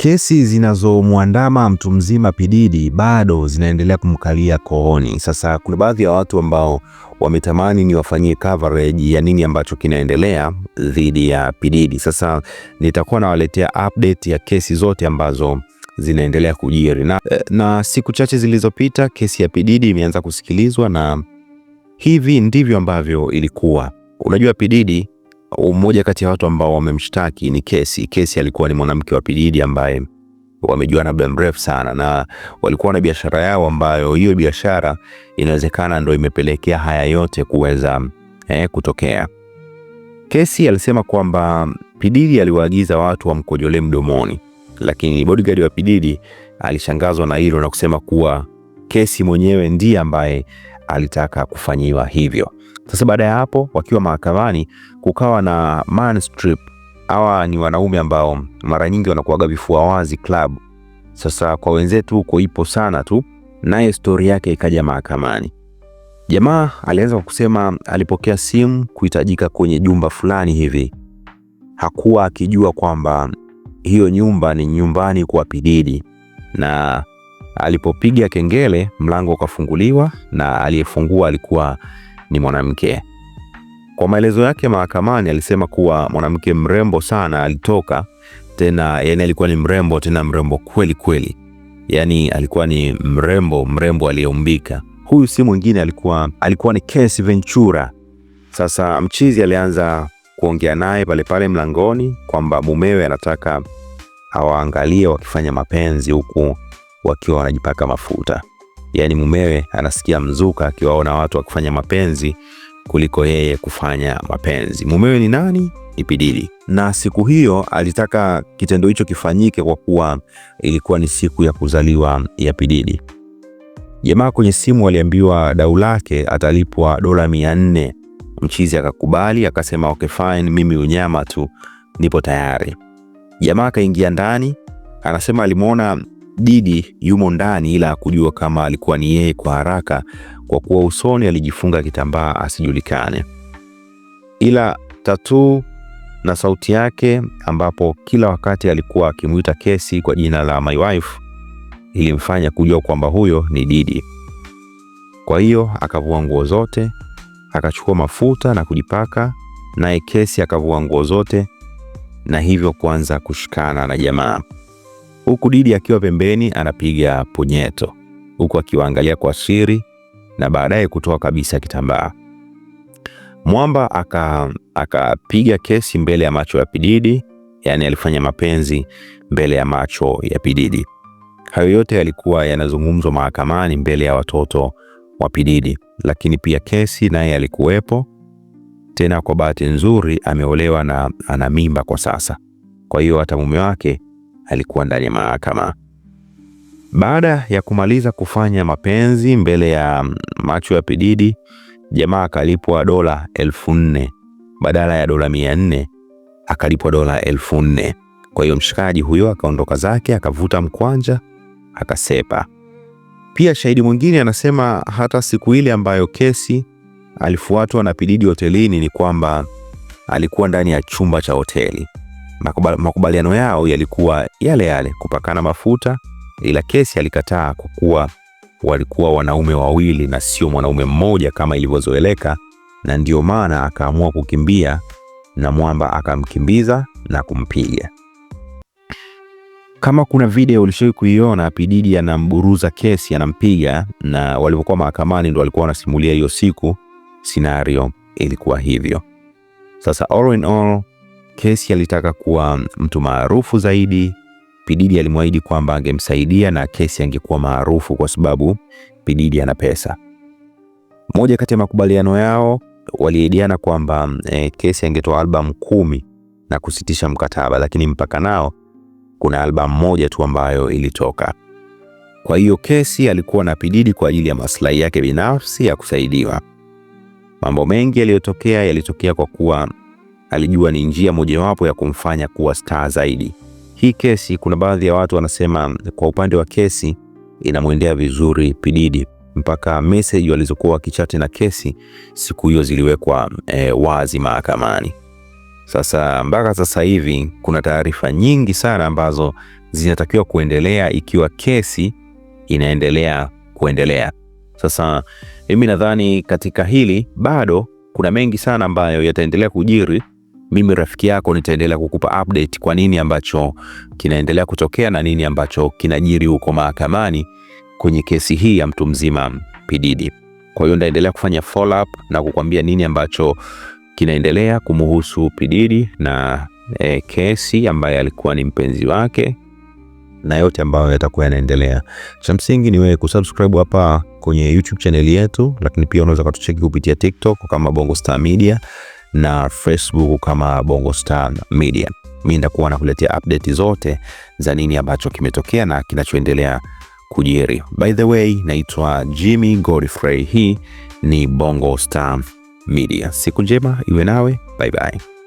Kesi zinazomwandama mtu mzima pididi bado zinaendelea kumkalia kooni. Sasa kuna baadhi ya watu ambao wametamani ni wafanyie coverage ya nini ambacho kinaendelea dhidi ya pididi Sasa nitakuwa nawaletea update ya kesi zote ambazo zinaendelea kujiri na, eh, na siku chache zilizopita kesi ya pididi imeanza kusikilizwa na hivi ndivyo ambavyo ilikuwa. Unajua pididi mmoja kati ya watu ambao wamemshtaki ni Kesi. Kesi alikuwa ni mwanamke wa Pididi ambaye wamejuana muda mrefu sana, na walikuwa na biashara yao ambayo hiyo biashara inawezekana ndio imepelekea haya yote kuweza eh, kutokea. Kesi alisema kwamba Pididi aliwaagiza watu wamkojolee mdomoni, lakini bodyguard wa Pididi alishangazwa na hilo na kusema kuwa Kesi mwenyewe ndiye ambaye alitaka kufanyiwa hivyo. Sasa baada ya hapo, wakiwa mahakamani, kukawa na strip. Hawa ni wanaume ambao mara nyingi wanakuaga vifua wazi club. Sasa kwa wenzetu huko ipo sana tu, naye stori yake ikaja mahakamani. Jamaa alianza kwa kusema alipokea simu kuhitajika kwenye jumba fulani hivi, hakuwa akijua kwamba hiyo nyumba ni nyumbani kwa Pididi, na alipopiga kengele mlango ukafunguliwa na aliyefungua alikuwa ni mwanamke. Kwa maelezo yake mahakamani, alisema kuwa mwanamke mrembo sana alitoka tena, yani alikuwa ni mrembo tena mrembo kweli kweli, yani alikuwa ni mrembo mrembo aliyeumbika. Huyu si mwingine, alikuwa alikuwa ni Kesi Ventura. Sasa mchizi alianza kuongea naye pale pale mlangoni kwamba mumewe anataka awaangalie wakifanya mapenzi huku wakiwa wanajipaka mafuta yaani mumewe anasikia mzuka akiwaona watu wakifanya mapenzi kuliko yeye kufanya mapenzi. Mumewe ni nani? Ni Pidili. Na siku hiyo alitaka kitendo hicho kifanyike kwa kuwa ilikuwa ni siku ya kuzaliwa ya Pidili. Jamaa kwenye simu aliambiwa dau lake atalipwa dola mia nne. Mchizi akakubali akasema, okay fine, mimi unyama tu, nipo tayari. Jamaa akaingia ndani, anasema alimwona Didi yumo ndani, ila kujua kama alikuwa ni yeye kwa haraka, kwa kuwa usoni alijifunga kitambaa asijulikane, ila tatuu na sauti yake, ambapo kila wakati alikuwa akimwita Kesi kwa jina la my wife, ilimfanya kujua kwamba huyo ni Didi. Kwa hiyo akavua nguo zote, akachukua mafuta na kujipaka, naye Kesi akavua nguo zote na hivyo kuanza kushikana na jamaa huku Didi akiwa pembeni anapiga punyeto huku akiwaangalia kwa siri na baadaye kutoa kabisa kitambaa. Mwamba akapiga aka kesi mbele ya macho ya Pididi, yaani alifanya mapenzi mbele ya macho ya Pididi. Hayo yote yalikuwa yanazungumzwa mahakamani mbele ya watoto wa Pididi, lakini pia kesi naye alikuwepo. Tena kwa bahati nzuri ameolewa na ana mimba kwa sasa, kwa hiyo hata mume wake alikuwa ndani ya mahakama. Baada ya kumaliza kufanya mapenzi mbele ya macho ya Pididi, jamaa akalipwa dola elfu nne badala ya dola mia nne akalipwa dola elfu nne Kwa hiyo mshikaji huyo akaondoka zake akavuta mkwanja akasepa. Pia shahidi mwingine anasema hata siku ile ambayo kesi alifuatwa na Pididi hotelini ni kwamba alikuwa ndani ya chumba cha hoteli. Makubaliano yao yalikuwa yale yale, kupakana mafuta, ila kesi alikataa kwa kuwa walikuwa wanaume wawili na sio mwanaume mmoja kama ilivyozoeleka, na ndio maana akaamua kukimbia na mwamba akamkimbiza na kumpiga. Kama kuna video ulishowahi kuiona, Pididi anamburuza kesi, anampiga na walivyokuwa mahakamani ndo walikuwa wanasimulia hiyo siku, scenario ilikuwa hivyo. Sasa all in all kesi alitaka kuwa mtu maarufu zaidi. Pididi alimwahidi kwamba angemsaidia na kesi angekuwa maarufu kwa sababu Pididi ana pesa. Moja kati ya makubaliano yao waliahidiana kwamba e, Kesi angetoa albamu kumi na kusitisha mkataba, lakini mpaka nao kuna albamu moja tu ambayo ilitoka. Kwa hiyo kesi alikuwa na Pididi kwa ajili ya maslahi yake binafsi ya kusaidiwa. Mambo mengi yaliyotokea yalitokea kwa kuwa alijua ni njia mojawapo ya kumfanya kuwa star zaidi. Hii kesi, kuna baadhi ya watu wanasema kwa upande wa kesi inamwendea vizuri Pididi, mpaka message walizokuwa wakichati na kesi siku hiyo ziliwekwa e, wazi mahakamani. Sasa mpaka sasa hivi kuna taarifa nyingi sana ambazo zinatakiwa kuendelea ikiwa kesi inaendelea kuendelea. Sasa mimi nadhani katika hili bado kuna mengi sana ambayo yataendelea kujiri mimi rafiki yako nitaendelea kukupa update kwa nini ambacho kinaendelea kutokea na nini ambacho kinajiri huko mahakamani kwenye kesi hii ya mtu mzima P Diddy. Kwa hiyo ndaendelea kufanya follow up na kukwambia nini ambacho kinaendelea kumuhusu P Diddy na e, kesi ambaye alikuwa ni mpenzi wake na yote ambayo yatakuwa yanaendelea. Cha msingi ni wewe kusubscribe hapa kwenye YouTube channel yetu, lakini pia unaweza kutucheki kupitia TikTok kama Bongo Star Media na Facebook kama Bongo Star Media. Mimi nitakuwa nakuletea update zote za nini ambacho kimetokea na kinachoendelea kujiri. By the way, naitwa Jimmy Godfrey. Hii ni Bongo Star Media. Siku njema iwe nawe. Bye bye.